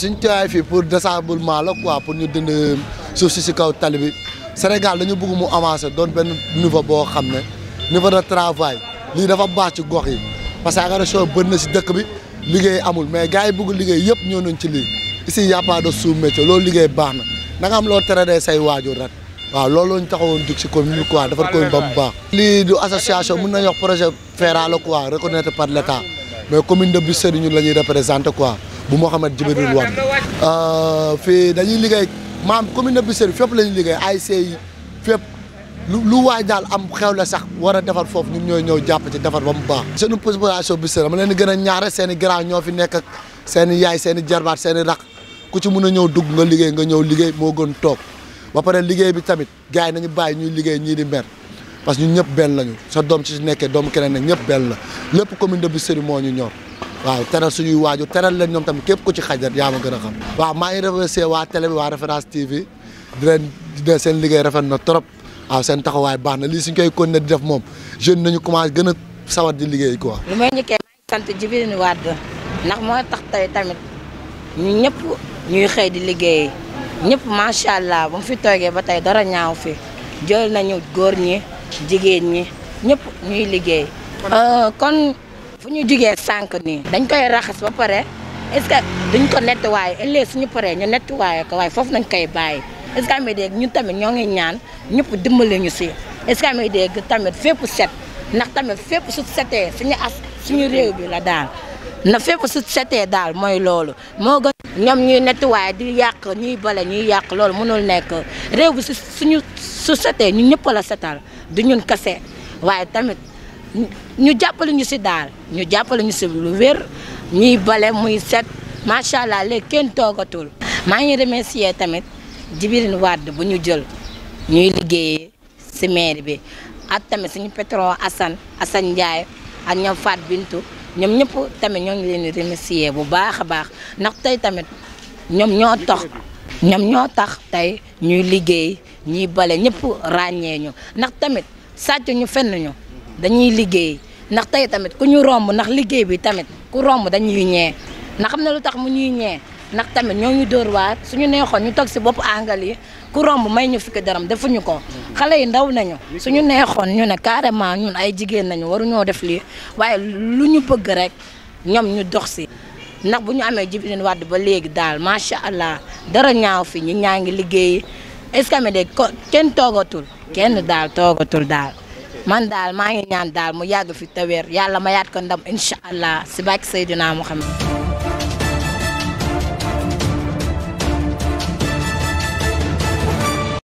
suñ teewaay fii pour désemblement la quoi pour ñu dindi suuf si kaw tali bi Sénégal dañu bëgg mu avancer doon benn niveau boo xam ne niveau de travail lii dafa baax ci gox yi parce que agression bëri na si dëkk bi liggéey amul mais gars yi bëgg liggéey yëpp ñëw nañ ci lii ici y a pas de sous-métier loolu liggéey baax na da nga am loo tere dee say waajur rek waaw loolu ñu taxawoon jug si commune bi quoi defar commune ba mu baax. lii du association mën nañu projet la quoi reconnaître par l' mais commune de quoi. bu Mouhamed Djibril Wane euh, fii dañuy liggéey maam commune de Bisséry fépp la ñuy liggéey ASC yi fépp lu lu waay daal am xew la sax war a defar foofu ñu ñooy ñëw jàpp ci defar ba mu baax. seen population Bisséry dama leen gën a ñaar seen i ñoo fi nekk ak seen i yaay seen i jarbaat seen i ku ci mun a ñëw dugg nga liggéey nga ñëw liggéey moo gën toog ba pare liggéey bi tamit gars yi nañu bàyyi ñuy liggéey ñii di mer. parce que ñun ñëpp benn lañu sa doom ci nekkee doomu keneen nag ñëpp benn la lépp commune de Bisséry moo ñu ñor. waaw teral suñuy waajur teral leen ñoom tamit képp ku ci xajat yaa ma gën a xam waaw maa ngi remercié waa télé bi waa référence TV di leen seen liggéey rafet na trop waaw seen taxawaay baax na lii suñ koy continuer di def moom jeune nañu commencé gën a sawar di liggéey quoi. lu may njëkkee maa sant Djibril Wade ndax moo tax tey tamit ñu ñëpp ñuy xëy di liggéey ñëpp macha allah bu mu fi toogee ba tey dara ñaaw fi jël nañu góor ñi jigéen ñi ñëpp ñuy liggéey euh, fu ñu jugee sànq nii. dañ koy raxas ba pare est-ce que ko nettoyé ëllëg suñu paree ñu nettoyé ko waaye foofu nañ koy bàyyi est-ce que amee dégg ñun tamit ñoo ngi ñaan ñëpp dimbali ñu si est-ce que amee set ndax tamit fépp su setee suñu as suñu réew bi la daal na fépp su setee daal mooy loolu moo gën. ñoom ñuy nettoyé di yàq ñuy bale ñuy yàq loolu mënul nekk réew bi su suñu su setee ñu ñëpp la setal du ñun kase waaye tamit. ñu jàppale ñu si daal ñu jàppale ñu si lu wér ñuy bale muy set macha allah léegi kenn toogatul. maa ngi remercier tamit Djibril Wade bu ñu jël ñuy liggéey si maire bi ak tamit suñu patron Assane Assane Ndiaye ak ñoom Faat Bintu ñoom ñëpp tamit ñoo ngi leen di remercier bu baax a baax ndax tey tamit ñoom ñoo tax ñoom ñoo tax tey ñuy liggéey ñuy bale ñëpp ràññee ñu ndax tamit sàcc ñu fenn ñu. dañuy liggéey ndax tey tamit ku ñu romb ndax liggéey bi tamit ku romb dañuy ñee ndax xam ne lu tax mu ñuy ñee ndax tamit ñoo ñu dóor waar suñu neexoon ñu toog si bopp àngal yi ku romb may ñu fukki daram defuñu ko xale yi ndaw nañu suñu neexoon ñu ne carrément ñun ay jigéen nañu waruñoo def lii waaye lu ñu bëgg rek ñoom ñu dox si bu ñu amee Djibril Wade ba léegi daal macha allah dara ñaaw fi ñu ñaa ngi liggéey est-ce que de kenn toogatul kenn daal toogatul daal man dal ma ngi ñaan dal mu yag fi tawer yàlla ma yaat ko ndam inshallah allah si Seydina Muhammad